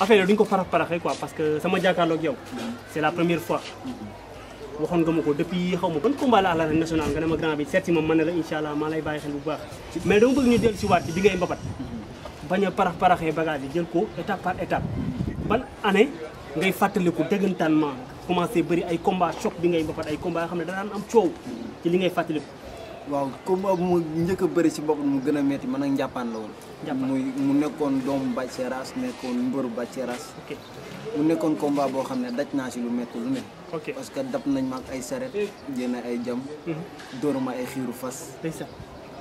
affaire yooyu ko farax faraxee quoi parce que sama ak yow. c'est la première fois. waxoon nga ma depuis xawma ban combat la à l'arène nationale nga ne grand bi seet si ma la inshallah ma lay baye xel bu baax. mais dama bëgg ñu del ci waat ci bi ngay mbapat. baña a parax paraxee bagage yi jël ko étape par étape. ban année ngay fàttaliku dëggantaan ma commencé bëri ay combat choc bi ngay mbapat ay combat yoo xam ne danaan am coow ci li ngay fàttaliku. waaw combat bu mu njëkk a bëri si bopp mu gën a metti man ak njàppaan la woon. muy mu nekkoon doomu Bacéras nekkoon mbëru Bacéras. ok mu nekkoon combat boo xam ne daj naa si lu metti lu ne. ok parce dab nañ ma ak ay saret génn ay jam. Mhm. dóor ma ay xiiru fas.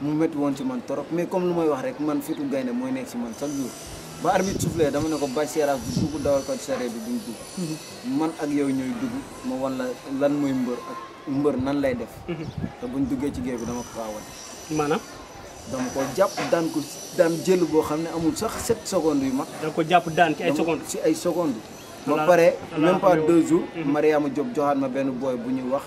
mu métti woon si man torop mais comme lu may wax rek man fitu gaynde mooy nekk si man chaque jour. ba arbitre soufflé dama ne ko Bathie Seras du dugg dawal ko charette bi duñ dugg. Mhm. man ak yow ñooy dugg ma wan la lan mooy mbër ak mbër nan lay def. Mhm. te buñ duggee ci géey bi dama ko faa wane. maanaam. dama ko jàpp daan ko daan jël boo xam ne amul sax sept secondes yu mag. da ko jàpp daan ci ay secondes ci ay secondes. ma pare même pas deux jours. Mhm. Mariama Diop joxaat ma benn booy bu ñuy wax.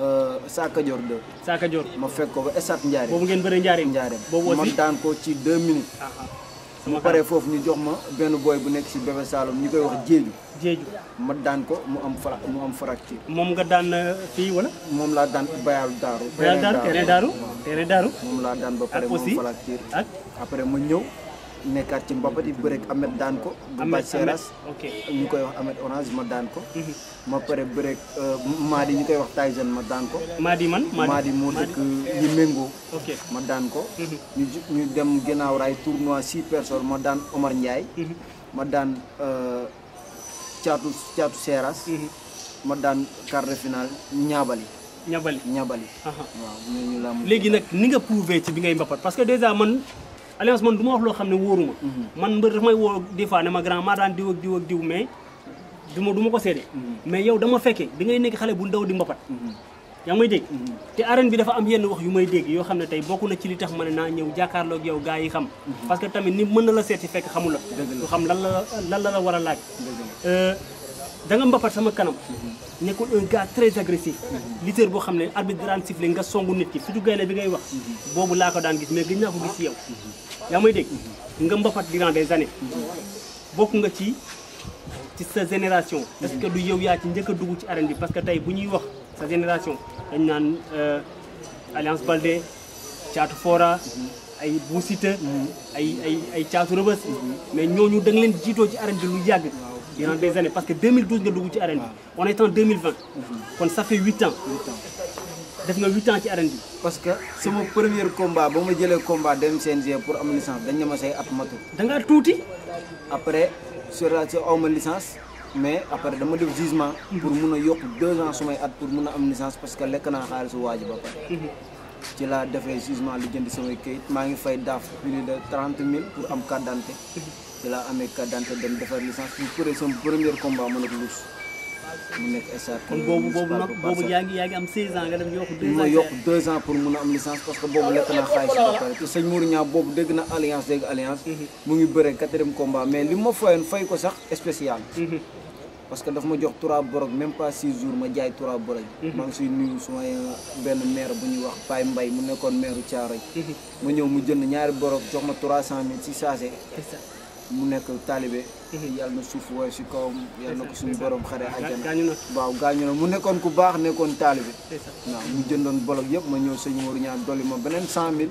Euh, Saka Dior 2. Saka Dior ma fekk ko ba Esat Ndiarène. ngeen bëree Ndiarène. Ndiarène boobu aussi ma daan ko ci deux minutes. Ah, ah. su ma paree foofu ñu jox ma benn booy bu nekk si bébé Saloum ñu koy wax jéeju. jéeju ma daan ko mu am fra mu am fracture. moom nga daan euh, fii wala. moom laa daan bayaalu daaru. bayaalu daaru terrain daaru terrain daaru. moom laa daan ba pare mu am fracture. ak après ma ñëw. nekkaat ci mbapat yi bëreeg Amet daan ko. Amet Seras ñu koy wax Amet Orange ma daan ko. Mhm. ma pare bëreeg euh, Madi ñu koy wax Tyson ma daan ko. Madi man Madi moo dëkk yi méngoo. ma daan ko. Mhm. ñu ñu dem ginnaaw raay tournoi six personnes ma daan Omar Ndiaye. Mhm. ma daan Caatu euh, Caatu Seras. ma daan quart de finale ñaabali. ñaabali ñaabali. léegi nag ni nga prouvé ci bi ngay mbapat parce que déjà man. alliance man du wax loo xam ne wóoruma mhm. man mbër daf may woo des fois ma grand maa daan diw ak diw ak diw mais du ma du ko seede mhm. mais yow dama fekkee bi ngay nekk xale bu ndaw di mbapat mhm. yaa ngi may dégg te arène bi dafa am yenn wax yu may dégg yoo xam ne tey bokk na ci li tax ma ne naa ñëw jàkkaarloog yow gars yi xam parce que tamit ni mën na la seeti fekk xamul la du xam lan la lan la la war a laaj da nga mbapat sama kanam nekkul un gars très agressif mhm. lutteur boo xam ne arbitre daan sifflé nga songu nit ki surtout gaynde bi ngay wax mhm. boobu laa ko daan gis mais gëj naa ko gis ci yow mhm. yaa may dégg nga mbapat durant des années bokk nga ci ci sa génération parce que du yow yaa ci njëkk a dugg ci arène bi parce que tey bu ñuy wax sa génération dañ naan euh, Alliance Baldé Thiatou Fora ay Bou Siteu ay ay ay Thiatou Rebeuss mais ñooñu da leen jiitoo ci arène bi lu yàgg Il y a des années parce que 2012 nous dugg ci arène on est en 2020. Donc mm-hmm. ça fait 8 ans. def nga 8 ans ci arène parce que mon premier combat ba ma jëlee combat de CNG pour am licence dañ ne ma say at matul. da ngaa après je suis si ma licence. mais après dama def jugement. pour mun deux ans sumay at pour mun licence parce que lekk naa xaalisu waa ji ci laa defee jugement li jënd samay këyit maa ngi fay daaf plus de trente mille pour am carte d'identité ci laa amee carte dem defar licence bu përee sama premier combat mu nekk luus mu nekk SR. kon boobu boobu nag boobu yaa ngi yaa ngi am 16 ans yokk 2 ans pour mun a am licence parce que boobu lekk naa xaalis ba pare te sëñ boobu dégg na alliance dégg alliance. Mhm. mu ngi bëree quatrième combat mais li ma fayoon fay ko sax spécial. Mhm. parce que dafa ma jox trois borog même pas six jours ma jaay trois borog. Mhm. maa ngi suy nuyu suma euh, benn maire bu ñuy wax Baye mbay mu nekkoon maireu Thiaroye. Mhm. ma ñëw mu jënd ñaari borog jox ma trois cent mille si saase. mu nekk taalibe. Mhm. yàlla na suuf woy si kawam yàlla na ko suñu borom xare àjjana waaw gaañu na mu nekkoon ku baax nekkoon taalibe. waaw mu jëndoon borog yëpp ma ñëw sëñ Mourou ñaar dolli ma beneen cent mille.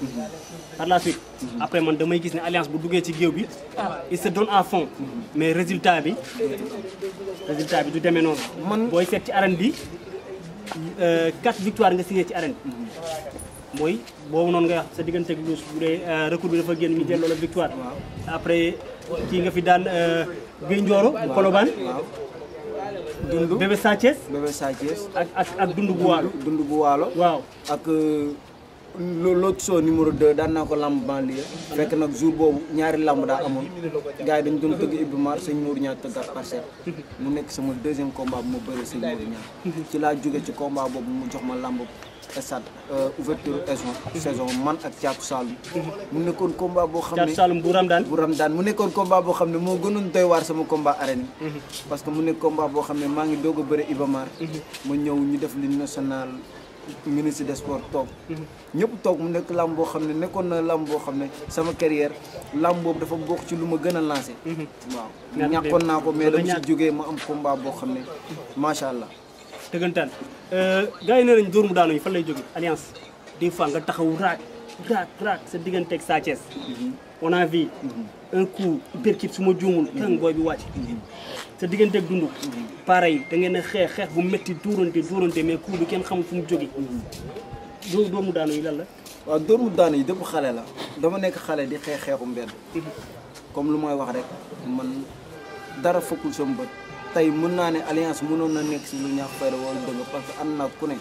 Mhm. par la suite mhm. après man damay gis alliance bu duggee ci bi il se donne à fond mais résultat bi résultat bi du demee non man boy c'est ci arène bi euh, quatre victoires nga signé ci arène mooy bon non ngay wax sa diggante ak Luus bu dee euh, recours dafa génn ñu delloo la victoire après qui nga fi dan euh, Guy Ndioro Colobane dund Bébé Sathiès Bébé Sathiès ak ak ak dund bu ak l'autre show numéro 2 daan naa ko lamb banlieue fekk nag jour boobu ñaari lamb daa amoon gars yi dañ doon tëgg Ibou Mar mu nekk sama deuxième combat bu ma bëree sëñ Modou Niang ci laa jóge ci combat boobu mu jox ma lamb stade euh, ouverture saison saison man ak Thiatou Saloum mu nekkoon combat boo xam ne mu nekkoon combat boo xam ne moo gënoon doy waar sama combat arène mhm. parce que mu nekk combat boo xam ne maa ngi doog a bëre mhm. ma ñëw ñu def li national ministre de sports toog mhm. ñëpp toog mu nekk làmb boo xam ne nekkoon na làmb boo xam ne sama carrière làmb boobu dafa bokk ci lu ma gën a lancé mhm. waaw ñàkkoon naa ko mais dama si jógee ma am combat boo xam ne macha allah dëggantaan euh, gars yi nee nañ dóor mu daanuñu fan lay jóge alliance des fois nga taxaw raaj raaj raaj sa diggante ak Sa Thiès mhm. on a vu un coup berkib su ma juumul këng booy bi wàcc C'est vous ak Pareil, da vous ne pouvez bu metti vous mais coup bi kenn xamul fu mu doomu daanu yi lan la waaw doomu daanu yi depp xalé la dama xalé di mbedd comme lu wax rek man dara sama tay mën naa ne alliance mënoon na nekk si lu ñaax fayda wala dëgg parce que ànd ku ne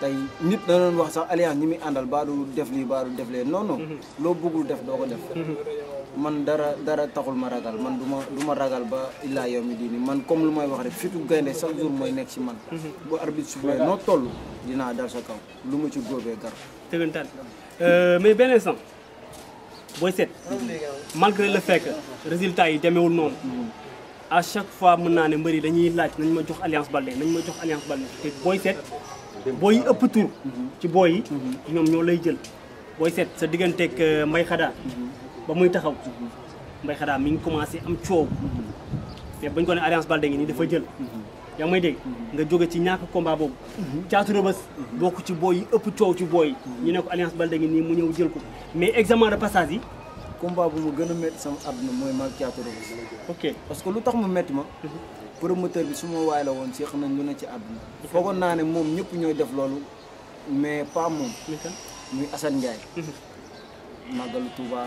tey nit da doon wax sax alliance ñi muy àndal baa def def non non mm-hmm. bëggul def ko def mm-hmm. man dara dara taxul ma ragal man du ma du ma ragal ba illaa yow mi diini man comme lu may wax rek fitu gaynde chaque jour mooy nekk si man mhm. bu arbitre su may noo toll dinaa dal sa kaw lu ma ci góobee gar dëggantaan euh, mais benn instant booy set malgré la fekk que résultat yi demeewul noonu à chaque fois mën naa ne mbëri dañuy laaj nañ ma jox alliance Baldé nañ ma jox alliance Baldé te booy seet booy yi ëpp tur ci booy yi ñoom ñoo lay jël booy seet sa digganteeg euh, may xadaa ba muy taxaw Mbaye Khada mi ngi commencé am coow mais bañ ko ne Alliance Baldé ngi nii dafa jël yaa may dégg nga jóge ci ñaak combat boobu caatu rëbës ko ci booy yi ëpp coow ci booy ñu ne ko Alliance Baldé ngi nii mu ñëw jël ko mais examen de passage yi combat bu mu gën a métti sama àdduna mooy maag caatu rëbës ok parce que lu tax mu métti ma promoteur bi su ma waay la woon si xam nañ lu ne ci àdduna foogoon naa ne moom ñëpp ñooy def loolu mais pas moom muy Assane Ndiaye mhm. màggalu Touba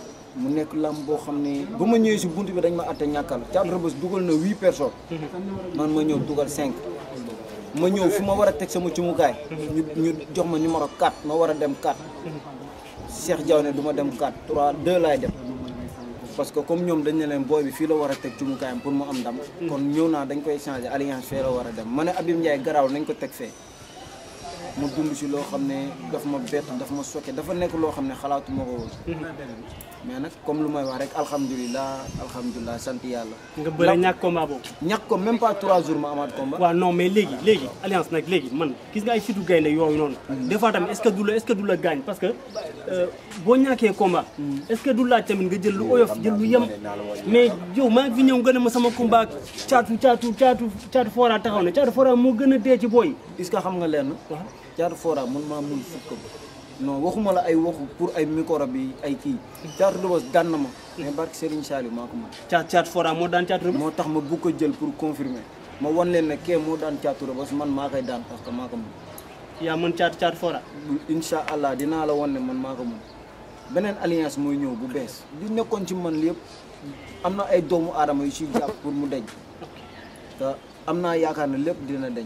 mu nekk làmb boo xam ne ba ma ñëwee si bunt bi dañ ma atte ñàkkal Thiatou Rebeuss dugal na huit personnes man ma ñëw dugal cinq ma ñëw fu ma war a teg sama cumukaay ñu jox ma numéro quatre ma war a dem quatre Cheikh Diaw ne duma dem quatre trois deux laay dem parce que comme ñoom dañ ne leen booy bi fii la war a teg cumukaayam pour mu am ndam kon ñëw naa dañ koy changé alliance fee la war a dem ma ne Abim Ndiaye garaaw nañ ko teg fee mu dund si loo xam ne daf ma bett daf ma sokke dafa nekk loo xam ne xalaatu ma ko woon mais nag comme lu may wax rek alhamdulilah alhamdulilah sant yàlla. nga bëre ñàkk combat boobu. ñàkk ko même pas trois jours ma amaat combat. waaw non mais léegi léegi alliance nag léegi man gis nga ay fitu gaynde yooyu noonu. Mm-hmm. des fois tamit est-ce que du la que du la gaañ parce que euh, boo ñàkkee combat. Mm-hmm. est-ce du laaj tamit nga jël lu oyof jël lu yem. mais yow maa ngi fi ñëw nga ne ma sama combat caatu caatu caatu caatu fora taxaw na caatu fora moo gën a dee ci booy. est-ce que xam nga lenn. caatu fora man maa mun fukk non waxuma la ay waxu pour ay micro bi ay kii Thiatou Rebeuss daan na ma mais barke Serigne Saliou maa ko mën Thiatou Fora moo daan moo tax ma bu ko jël pour confirmer ma wan leen ne kee moo daan Thiatou Rebeuss man maa koy daan parce que maa ko mën yaa man Thiatou Thiatou Fora incha allah dinaa la wan ne man maa ko mën beneen alliance mooy ñëw bu bees li nekkoon ci man lépp am na ay doomu aadama yu si jàpp pour mu deñ te am naa yaakaar ne lépp dina deñ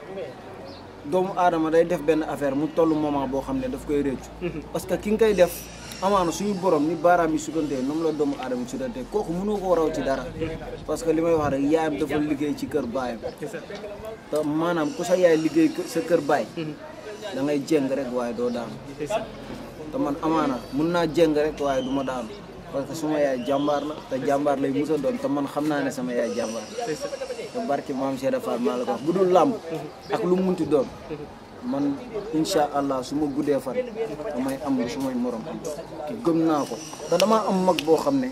doomu aadama day def benn affaire mu toll moment boo xam ne daf koy réccu parce que ki nga koy def amaana suñu borom ni baaraam yi sutantee noonu la doomu aadama sutantee kooku mënoo ko raw ci dara parce que li may wax rek yaayam dafa liggéey ci kër baayam te maanaam ku yaay liggéey sa kër baay da ngay jéng rek waaye doo daanu te man amaana mun naa jéng rek waaye du ma daanu parce que suma yaay jàmbaar la te jàmbaar lay musa doon te man xam naa ne sama yaay jàmbaar barki maam Cheikh Fall maa la ko bu dul làmb ak lu mu munti doon man incha allah su ma guddee fan damay am su may morom ki gëm naa ko te damaa am mag boo xam ne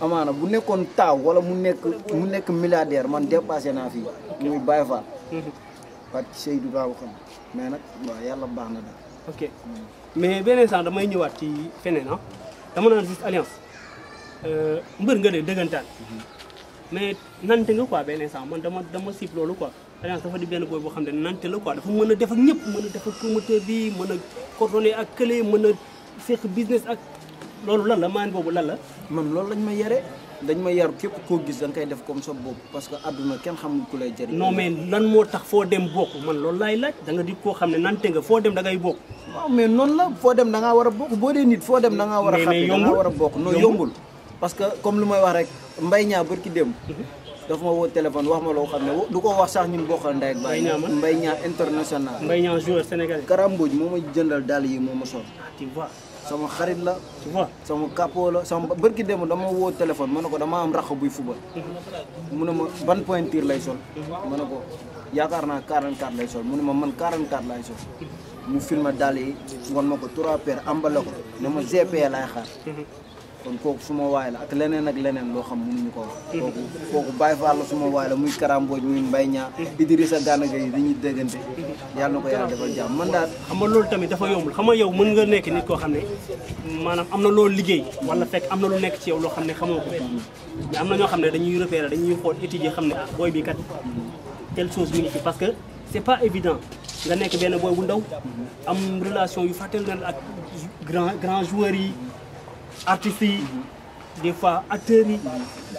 amaana bu nekkoon taaw wala mu nekk mu nekk milliardaire man dépassé naa fii muy Baye Fall parce que Seydou Babou xam mais nag waaw yàlla baax na daal mais beneen sax damay ñëwaat ci feneen ah dama naan Ziz Alliance euh, mbër nga de dëggantaan mais nante nga quoi benn instant man dama dama siib loolu quoi Agence dafa boo xam ne nante la quoi dafa mën a def ak a def ak promoteur bi mën loolu lan la maan boobu lan la man loolu lañ ma yare dañ ma yar képp koo gis da nga koy def comme sa bopp parce que àdduna kenn xamul ku lay jëriñ non mais lan moo tax foo dem bokk man loolu laay laaj da di koo xam ne nante nga foo dem da ngay bokk waaw mais noonu la foo dem da ngaa war a bokk boo dee nit foo dem da war a xam da ngaa war a bokk non yombul parce que comme lu may wax rek mbay ñaa bër ki dem dafa ma woo téléphone wax ma loo xam ne du ko wax sax ñun bokkal ndey ak baay mbay ñaa international mbay ñaa joueur sénégalais karambooj moo ma jëndal dàll yi moo ma sol ah, tu vois sama xarit la sama kàppoo la sama bër ki dem dama woo téléphone ma ne ko dama am rax buy fubal mu ne ma ban pointure lay sol ma ne ko yaakaar naa 44 lay sol mu ne ma man 44 lay sol mu filma dàll yi wan ma ko trois paires ambale ko ne GP laay xaar kon kooku suma waay la ak leneen ak leneen loo xam mënuñu ko wax mhm. kooku kooku Baye la suma waay la muy karambooj muy mbay ñaa mhm. Idrissa Gana Gueye dañuy déggante mhm. yàlla na ko yàlla defal jàmm man daal xam nga loolu tamit dafa nekk nit koo xam ne maanaam am na loolu liggéey wala fekk am na lu nekk ci yow loo xam ne xamoo ko mais am na ñoo xam ne dañuy repérer dañuy xool étudier xam ne ah booy bi kat telle chose mi ngi parce que c'est pas évident nga nekk benn booy bu ndaw am relation yu fàttali na ak grand grand joueur yi RTC, mm -hmm. de fois acteurs yi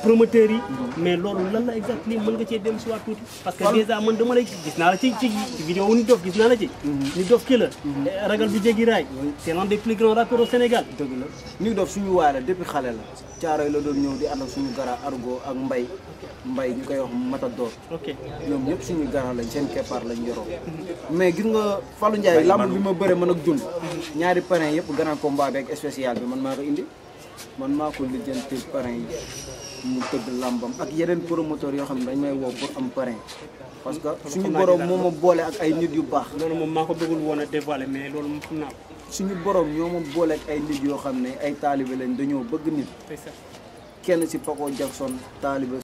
promoteurs yi mais loolu lan la nii mën nga cee dem si waat tuuti parce que déjà man dama lay gis naa la ci ci vidéo wu Nit Dof gis naa la ci mhm. Nit Dof kii mhm. eh, ragal du jéggi raay c'est l'un des plus grands Sénégal dëgg la Nit Dof suñu waay la depuis xale la caaroy la doon ñëw di ànd ak suñu gara argo ak mbay mbay ñu koy wax matador ok ñoom ñëpp suñu gara lañ seen keppaar lañ yoroo mhm. mais gis nga Fallou Ndiaye lamb bi ma bëre man ak jund ñaari parrain yëpp grand combat bi ak bi man maa ko indi man maa ko lijjanti parrain yi mu tëgg làmbam ak yeneen promoteur yoo xam ne dañ may woo pour am parrain parce que suñu borom moo ma boole ak ay nit yu baax. loolu moom maa ko bëggul woon a dévoiler mais loolu naa ko. suñu borom ñoo ma boole ak ay nit yoo xam ne ay taalibe lañ dañoo bëgg nit. kenn si Paco Jackson taalibe.